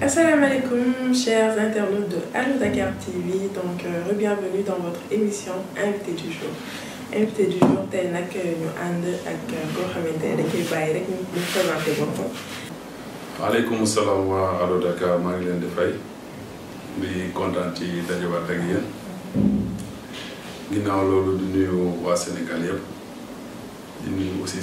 Assalamu alaikum chers internautes de Allo Dakar TV, donc euh, bienvenue dans votre émission Invité du jour. Invité du jour nous nag que nous avec avec xamante ne avec Nous rek un peu présenté Allo Dakar aussi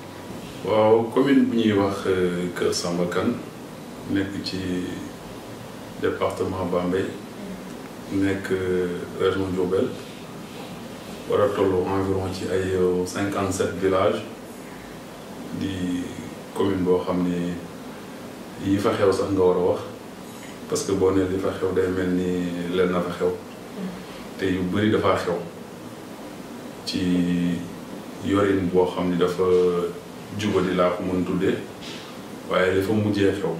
waaw commune bu ñuy wax euh, Kër Samba kan nekk ci département Bambey nekk euh, région Diourbel war a toll environ ci ay euh, cinquante sept village di commune boo xam ni yi fa xew sax nga war a wax parce que boo nee li fa xew day mel ni leen na fa xew te yu bëri dafa xew ci yorin boo xam ni dafa jubadi laa ko mën tuddee waaye dafa mujjee xew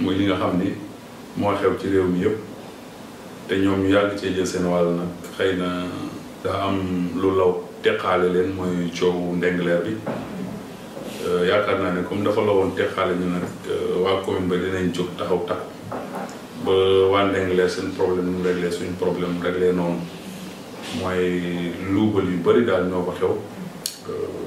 muy li nga xam ni moo xew ci réew mi yëpp te ñoom ñu yàgg cee jël seen wàll nag xëy na daa am lu law teqaale leen mooy coowu ndengleer bi euh, yaakaar naa ne comme dafa lawoon teqaale ñu nag euh, waa commune ba dinañ jóg taxaw tax ba waa ndengleer seen problème mu réglé suñ problème mu réglé noonu mooy luubal yu bëri daal ñoo ko xew euh,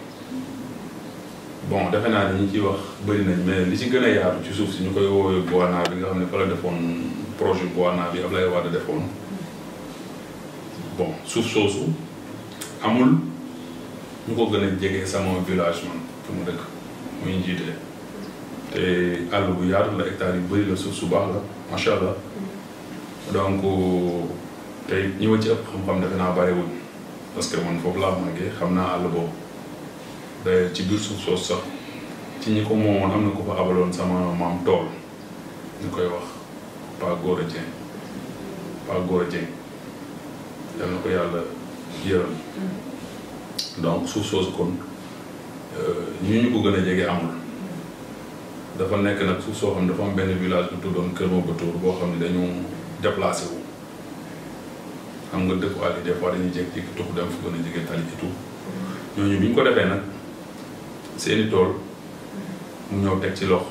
bon defe naa ni ñu ciy wax bëri nañ mais li ci gën a yaatu ci suuf si ñu koy woowee Boana bi nga xam ne fa la defoon projet Boana bi lay Wade defoon bon suuf soosu amul ñu ko gën a jege sama village man fi mu dëkk muy njiite te àll bu yaatu la hectare yu bëri la suuf su baax la macha allah donc tey ñi ma ci ëpp xam-xam defe naa bariwul parce que man foofu laa màggee xam naa àll boobu. ci biir suuf soosu sax ci ñi ko moomoon am na ko fa abaloon sama maam tool ñu koy wax Pa Gora Dieng Pa Gora na ko yàlla yërëm donc suuf soosu kon euh, ñu ñu ko gën a jege amul dafa nekk nag suuf soo xam ne dafa am benn village bu tuddoon Kër Mabatour boo xam ne dañu déplacé wu xam nga dëkku àll yi des fois dañuy jékki-jékki tux dem fu gën a jege tali ci tout ñooñu bi ñu ko defee nag seeni tool mu ñëw teg ci loxo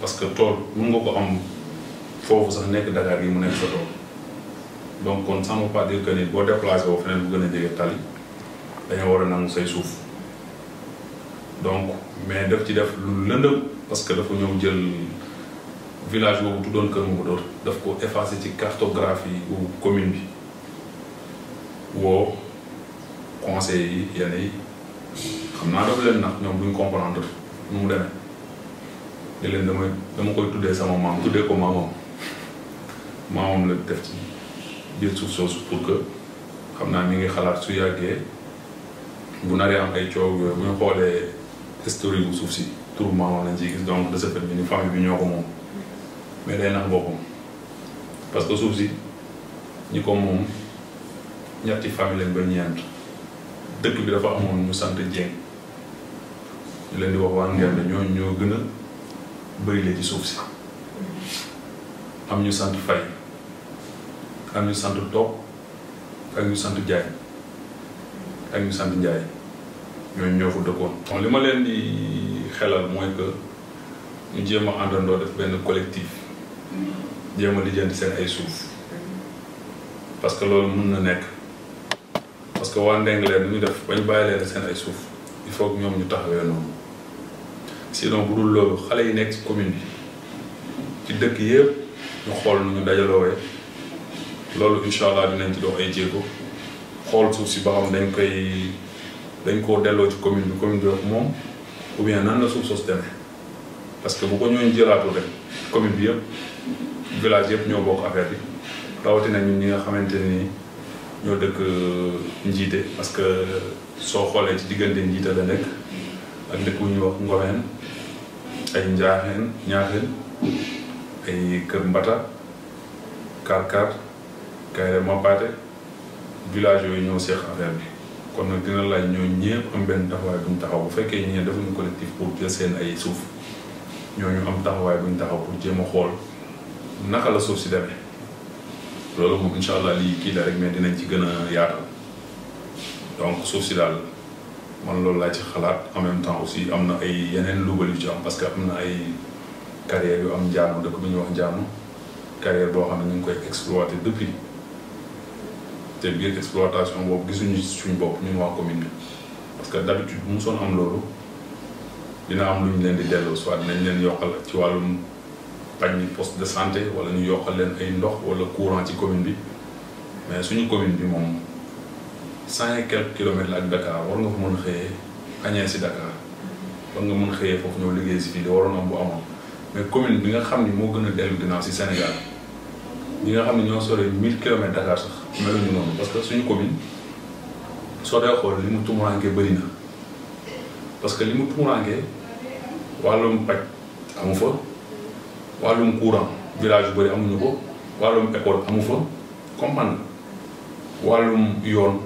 parce que tool mun nga ko am foofu sax nekk Dakar gi mu nekk sa donc kon ça ne veut pas dire que ni boo déplacé woo feneen bu gën a jege tali dañoo war a nangu say suuf donc mais daf ci def lu lëndëm parce que dafa ñëw jël village boobu tuddoon Kër Moussa daf ko effacé ci cartographie wu commune bi woo conseil yi yenn yi. xam naa dafa leen nag ñoom duñ comprendre nu mu demee ne leen damay dama koy tuddee sama maam tuddee ko maamam maamam la def ci biir suuf soosu pour que xam naa mi ngi xalaat su yàggee bu naree am ay coow yooyu xoolee historique bu suuf si turu maamam lañ ciy gis donc de ce ni famille bi ñoo ko moom mais day nax boppam parce que suuf si ñi ko moom ñetti famille lañ ba ñeent dëkk bi dafa amoon mu sant Dieng ñu leen di wax waa Ngeer ñooñu ñoo gën a bëri la suuf si am ñu sant Fay am ñu sant Toog ak ñu sant Jaay ak sant Njaay ñoo fa dëkkoon. bon li ma leen di xelal mooy que ñu jéem a àndandoo def benn collectif jéem a lijjanti seen ay suuf parce que loolu mën na nekk parce que waa Ndingler lu ñu def ba ñu bàyyi leen seen ay suuf il faut que ñoom ñu taxawee noonu. sinon bu dul loolu xale yi nekk ci commune bi ci dëkk yëpp ñu xool nu ñu dajaloowee loolu incha allah dinañ ci dox ay jéego xool suuf si ba xam dañ koy dañ koo delloo ci commune bi commune bi ak moom ou bien nan la suuf soosu demee parce que bu ko ñooñu jëlaatul rek commune bi yëpp village yëpp ñoo bokk affaire bi rawatina ñun ñi nga xamante ni ñoo dëkk euh, njiite parce que soo xoolee ci diggante njiite la nekk ak dëkk bu ñuy wax Ngomeen. ay njaaxeen ñaaxeen ay kër mbata karkar kayre mapaate village yooyu ñoo seex affaire bi kon nag dina laaj ñoo ñëpp am benn taxawaay bu taxaw bu fekkee ñee defuñu collectif pour jël seen ay suuf ñooñu am taxawaay bu ñu taxaw pour jéem xool naka la suuf si demee loolu moom incha allah lii kii la rek mais dinañ ci gën a yaatal donc suuf si daal man loolu laa ci xalaat en même temps aussi am na ay yeneen luubal yu ci am parce que am na ay carrière yu am njaanu dëkk bu ñuy wax njaanu carrière boo xam ne ñu ngi koy exploité depuis te biir exploitation boobu gisuñu suñu bopp ñun wax commune bi parce que d'habitude bu mosoon am loolu dina am lu ñu leen di delloo soit nañ leen yokkal ci wàllum pañ poste de santé wala ñu yokkal leen ay ndox wala courant ci commune bi mais suñu commune bi moom cinq et quelques kilomètres la ak Dakar war nga fa mën a xëyee añee si Dakar war nga mën xëyee foofu ñëw liggéey si fii de waroon am bu amoon mais commune bi nga xam ni moo gën a dellu ginnaaw si Sénégal ñi nga xam ne ñoo sore mil kilomètres Dakar sax meluñu noonu parce que suñu commune soo dee xool li mu tumuraanke bëri na parce que li mu tumuraanke wàllum paj amu fa wàllum courant village yu bëri amuñu ko wàllum école amu fa comprendre wàllum yoon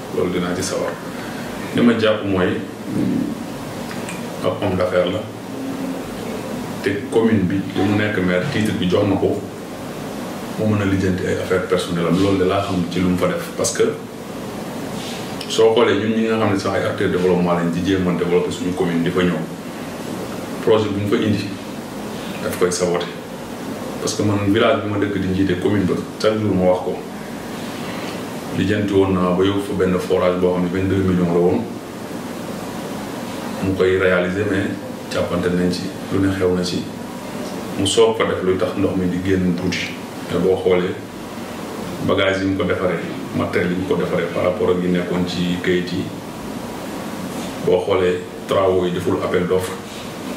loolu dinaa ci sawar li ma jàpp mooy ab homme d'affaires la te commune bi li mu nekk maire titre bi jox na ko mu mën a lijjanti ay affaires personnelles loolu de laa xam ci lu mu fa def parce que soo xoolee ñun ñi nga xam ne sax ay acteurs développement lañ di jéem a développer suñu commune di fa ñëw projet bu ñu fa indi daf koy saboté parce que man village bi ma dëkk di njiite commune ba chaque jour ma wax ko li janti woon naa ba yóbbu fa benn forage boo xam ne vingt deux millions la mu koy réaliser mais càppante nañ ci lu ne xew na ci mu soog ko def luy tax ndox mi di génn tuuti te boo xoolee bagage yi mu ko defaree matériel yi mu ko defaree par rapport ak yi nekkoon ci kayit yi boo xoolee travaux yi deful appel d'offre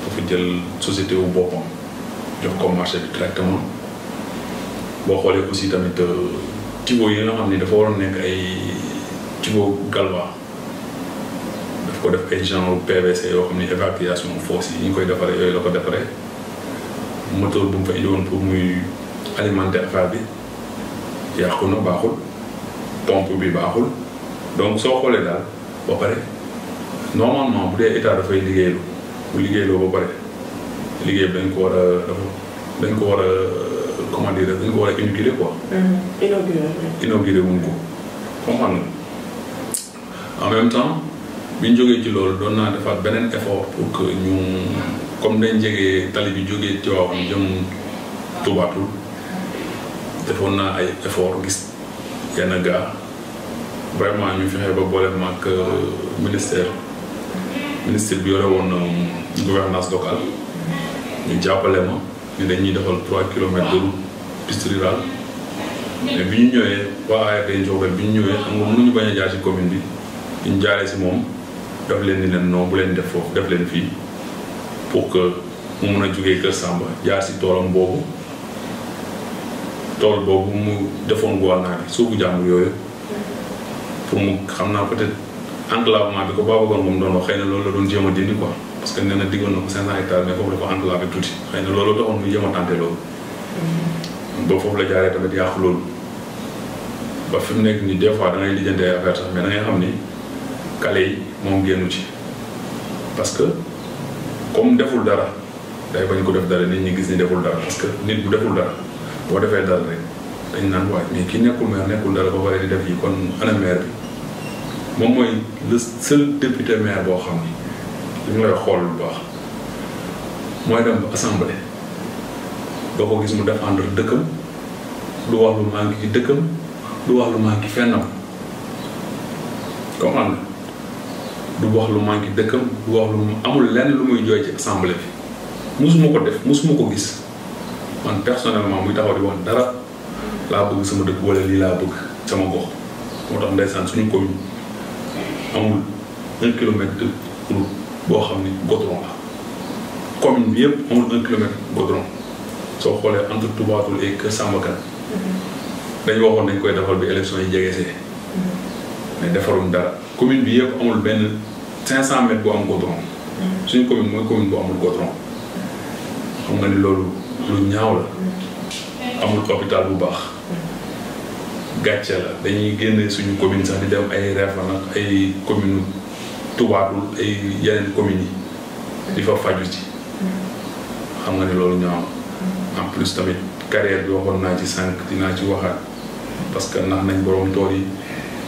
dafa jël société wu boppam jox ko marché bi directement boo xoolee aussi tamit euh, tibo yi nga xam ne dafa waroon nekk ay tibo galva daf ko def ay genre PVC yoo xam ne évacuation fosse yi ñu koy defaree yooyu la ko defaree moteur bu mu fa indi woon pour muy alimenter affaire bi yàqu na baaxul pompe bi baaxul donc soo xoolee daal ba pare normalement bu dee état dafay liggéeylu bu liggéeyloo ba pare liggéey bi dañ ko war a dañ ko war comment de dañ ko war a inauguré quoi. Mhm. inauguré inauguré wuñ ko comprendre nga en même temps bi jógee ci loolu doon naa defaat beneen effort pour que ñu comme dañ jege tali bi jógee Tivaouane jëm Toubatoul defoon naa ay effort gis yenn gars vraiment ñu fexe ba boole maag euh, ministère ministère bi yore woon euh, gouvernance locale ñu jàppale ma ñu dañuy defal 3 kilomètres de piste mais bi ñu ñëwee waa ARD Ndiobène bi ñu ñëwee xam nga mënuñu bañ jaar si commune bi bi ñu jaaree si moom daf leen ni leen non bu leen def foofu def leen fii pour que mu mun a jógee Kër Samba jaar si toolam boobu tool boobu mu defoon gouverneur bi suufu jàmbur yooyu pour mu xam naa peut-être enclavement bi ko baaxoon moom doon wax xëy na loolu la doon jéem a dindi quoi parce que nee na diggoon na ko 500 hectares mais foofu dafa enclavé tuuti xëy na loolu taxoon mu ba foofu la jaaree tamit yàqu loolu ba fi mu nekk nii des fois da ngay lijjantee affaire mais da xam ni kale yi moom génnu ci parce que comme deful dara day bañ ko def dara nit ñi gis ni deful dara parce que nit bu deful dara boo defee dara rek dañ naan waaye mais ki nekkul maire nekkul dara ba pare di def yi kon ana maire bi moom mooy le seul député maire boo xam ni li ñu lay xool baax mooy dem assemblée. doko gis mu défendre dëkkam du wax lu maa ngi dëkkam du wax lu maa ngi fennam comprendre du wax lu maa ngi dëkkam du wax lu amul lenn lu muy jooy ci assemblée bi musuma ko def musuma ko gis man personnellement muy taxaw di wax dara laa bëgg sama dëkk wala lii laa bëgg sama gox moo tax ndeysaan suñu commune amul un kilomètre de route boo xam ni goudron la commune bi yëpp amul un kilomètre godron soo xoolee entre Toubatoul et Kër Samba Kane mm-hmm. dañ waxoon nañ koy defar bi élection yi jegesee mm-hmm. mais defarum dara commune bi yëpp amul benn cinq cent mètres bu am goudron mm-hmm. suñu commune mooy commune bu amul goudron xam nga ni loolu lu ñaaw la amul hôpital bu baax gàcce la dañuy génne suñu commune sax di dem ay Réfane nag ay commune Toubatoul ay yeneen communes yi di fa faju ci xam nga ni loolu ñaaw en plus tamit carrière bi waxoon naa ci sànq dinaa ci waxaat parce que ndax nañ borom tool yi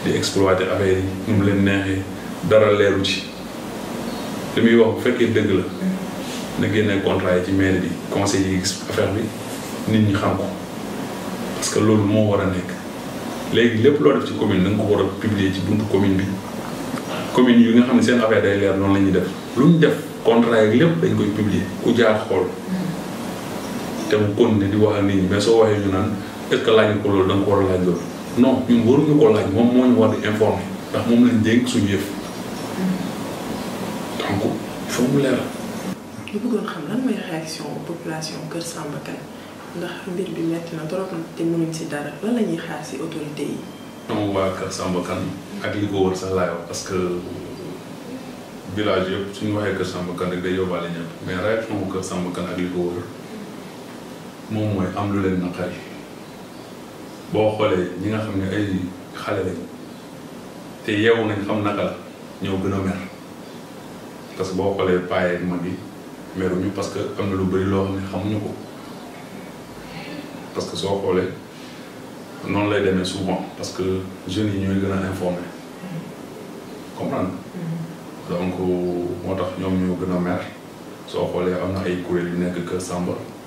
di exploiter affaire yi ñu mu leen neexee dara leeru ci li muy wax bu fekkee dëgg la na génne contrat yi ci mairie bi conseil yi gis affaire bi nit ñi xam ko parce que loolu moo war a nekk léegi lépp loo def ci commune da ko war a publier ci buntu commune bi commune yu nga xam ne seen affaire day leer noonu la ñuy def lu ñu def contrat yi lépp dañ koy publier ku jaar te mu continuer di wax ak nit ñi mais soo waxee ñu naan est-ce que laaj ko war a laaj loolu non ñun waruñu ko moom moo ñu war di informer ndax moom lañ dénk suñu yëf donc foog mu bëggoon xam lan mooy réaction population Kër Samba Kane ndax mbir bi metti na trop na te mënuñ si dara la ñuy xaar si autorité yi. ñoom waa wax que village yëpp suñu waxee Kër Samba Kane ak li wër. moom mooy am lu leen naqari boo xoolee ñi nga xam ne ay xale lañ te yeewu nañ xam naka ñoo gën a mer parce que boo xoolee paye mag yi meruñu parce que am na lu bari loo xam ne xamuñu ko parce que soo xoolee noonu lay demee souvent parce que jeunes yi ñooy gën a informé comprendre mm-hmm. donc moo tax ñoom ñoo gën a mer soo xoolee am na ay kuréel yu nekk Kër Samba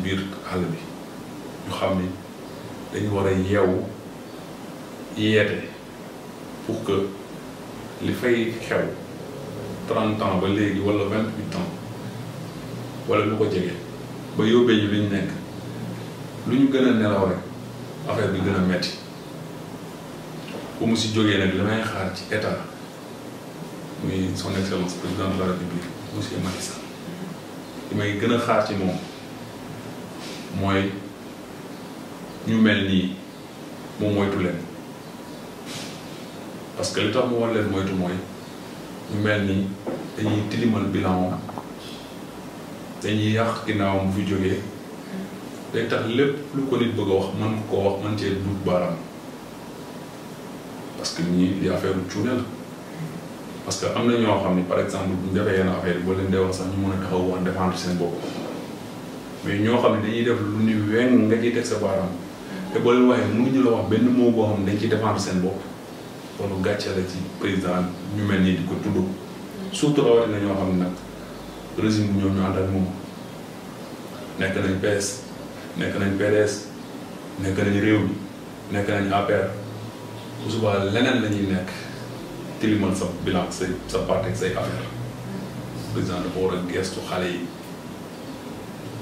biir àll bi ñu xam ni dañu war a yeewu yeete pour que li fay xew trente ans ba léegi wala vingt huit ans wala lu ko jege ba yóbbee ñu li ñu nekk lu ñu gën a nelaw rek affaire bi gën a metti bu mu si jógee nag li may xaar ci état muy son excellence président de la république monsieur Macky Sall li may gën a xaar ci moom mooy ñu mel nii moom moytu leen parce que li tax mu war leen moytu mooy ñu mel nii dañuy tilimal bilan dañuy yàq ginnaawam bu fi jógee day tax lépp lu ko nit bëgg a wax mën ko wax mën cee dugg baaraam parce que ñii li affaire cuune la parce que am na ñoo xam ne par exemple bu ñu defee yenn affaire yi boo leen dee wax sax ñu mën a taxaw woon défendre seen bopp. mais ñoo xam ne dañuy def lu ni weng nga ciy teg sa baaraam te boo leen waxee mënuñu la wax benn mot boo xam ne dañ ciy défendre seen bopp loolu gàcce la ci président ñu mel nii di ko tudd surtout rawatina ñoo xam ne nag régime bi ñoom ñu nañ PS nekk nañ PDS réew mi nekk nañ APR bu subaa leneen la ñuy nekk tilimal sa bilan say sa parti ak say affaire président dafa war a gestu xale yi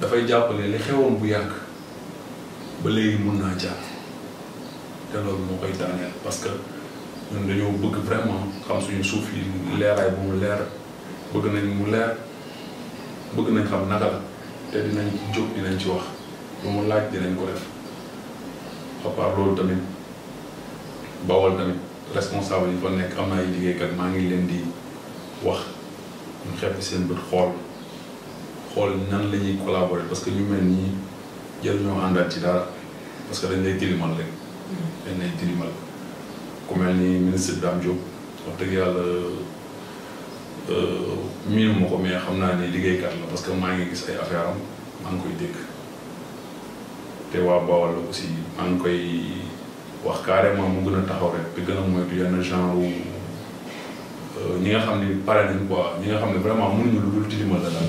dafay jàppale li xewoon bu yàgg ba léegi mun naa jàpp te loolu moo koy daaneel parce que ñun dañoo bëgg vraiment xam suñu suuf yi leeraay bu mu leer bëgg nañ mu leer bëgg nañ xam naka la te dinañ ci jóg dinañ ci wax lu mu laaj dinañ ko def à part loolu tamit bawal tamit responsable yi fa nekk am na ay liggéeykat maa ngi leen di wax ñu xepp seen bët xool. xool nan la ñuy parce que ñu mel nii jël ñoo àndaat ci dara parce que dañ lay tilimal rek. dañ lay tilimal dëgg yàlla euh, miinu ma ko xam naa ne liggéeykat la parce que maa ngi gis la taxaw rek te euh, ñi nga xam ne pare nañ quoi ñi nga xam ne vraiment daal.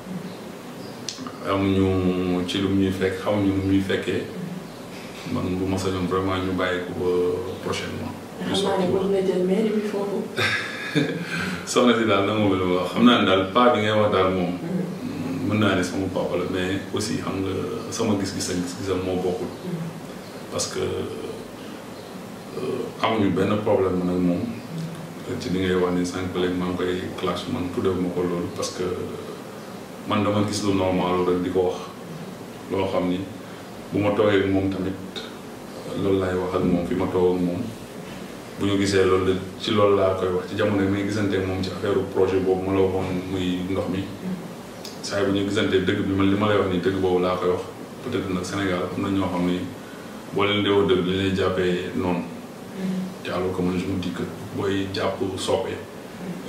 ñu ci lu ñuy fekk xamuñu nu ñuy fekkee man bu ma sañoon vraiment ñu bàyyi ko ba prochainement. soxna si daal dama bëgg wax xam naa ne daal paa bi wax daal moom. Mm. mën naa ne sama papa la mais aussi xam nga sama gis-gis ak gis-gisam moo bokkul. Mm. parce que euh, amuñu benn problème nag moom. Mm. ci li ngay wax ni sànq léegi maa koy clash man tuddee ma ko loolu parce que. man dama gis lu normal rek di ko wax loo xam ni bu ma toogee moom tamit loolu laay wax ak moom fi ma toog moom bu ñu gisee loolu ci loolu laa koy wax ci jamono yi may gisante moom ci affaire projet boobu ma la waxoon muy ndox mi saa yi bu ñu gisantee dëgg bi man li ma lay wax nii dëgg boobu laa koy wax peut-être nag Sénégal am na ñoo xam ni boo leen deewoo dëgg li lay jàppee noonu mm-hmm. te alors que man je me booy jàpp soppee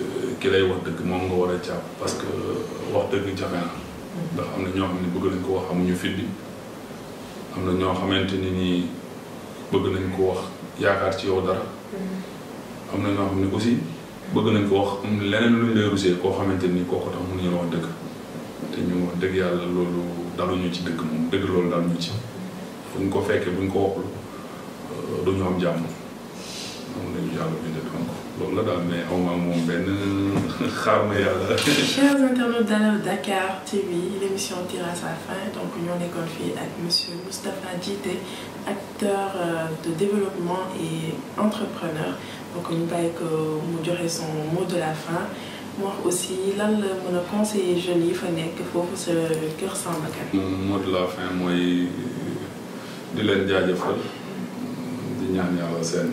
Euh, ki lay wax dëgg moom nga war a jàpp parce que euh, wax dëgg jafe na ndax am na ñoo xam ne bëgg nañ ko wax amuñu fit bi am na ñoo xamante ni nii bëgg nañ ko wax yaakaar ci yow dara am na ñoo xam ne aussi bëgg nañ ko wax am leneen luñ lay rusee koo xamante ni kooku tax mënuñu la wax dëgg te ñu wax dëgg yàlla loolu daluñu ci dëgg moom dëgg loolu daluñu ci buñ ko fekkee buñ ko waxul euh, duñu am jàmm chers internautes d'Anne Dakar TV l'émission tire à sa fin donc on est confié avec monsieur Moustapha Djité acteur euh, de développement et entrepreneur donc que euh, son mot de la fin Moi aussi là la conseiller jeunes mot de la fin moi euh, di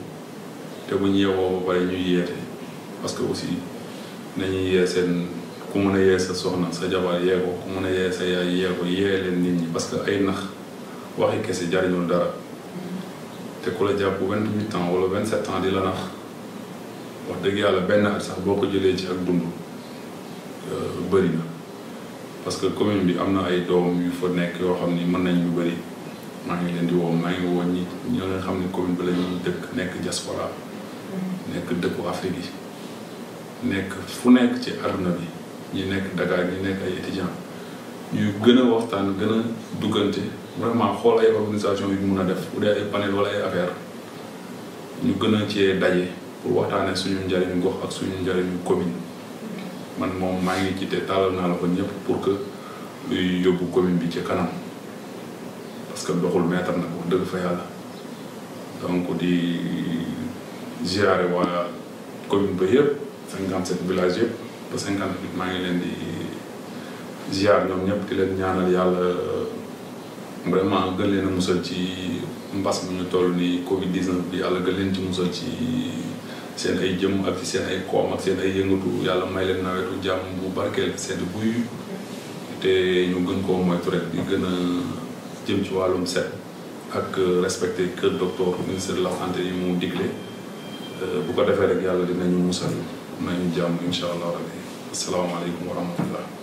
te bu ñu yeewoo ba pare ñu yeete parce que aussi nañuy yee seen ku mën a yee sa soxna sa jabar yee ko ku mën a yee sa yaay yee ko yee leen nit ñi parce que ay nax waxi kese jariñul dara te ku la jàpp vingt huit ans wala vingt sept ans di la nax wax dëgg yàlla benn at sax boo ko jëlee ci ak dund euh, bëri na parce que commune bi am na ay doom yu fa nekk yoo xam ni mën nañ yu bëri maa ngi leen di woo maa ngi woo ñi ñoo nga xam ne commune bi la dëkk nekk diaspora nekk dëkku afrique yi nekk fu nekk ci aduna bi ñi nekk dakar ñi nekk ay étudiant ñuy gën a waxtaan gën a duggante vraiment xool ay organisation yu mun a def bu dee ay panel wala ay affaire ñu gën a cee daje pour waxtaanee suñu njariñu gox ak suñu njariñu commune man moom maa ngi ci te taalal naa la ko ñëpp pour que luy yóbbu commune bi ci kanam parce que doxul mètre nag wax dëgg fa yàlla donc di ziare waa commune ba yëpp 57 villages yëpp ba 58 maa ngi leen di ziar ñoom ñëpp di leen ñaanal yàlla vraiment gën leen musal ci mbas mi ñu toll ni Covid 19 bi yàlla gën leen ci musal ci seen ay jëm ak ci seen ay koom ak seen ay yëngatu yàlla may leen nawetu jàmm bu barkeel sedd buy te ñu gën koo moytu rek di gën a jëm ci wàllum set ak respecté kër docteur ministre de la yi mu digle. bu ko defee rek yàlla dinañu musal nañu jàmm incha allah rabbi asalaamaaleykum wa rahmatullah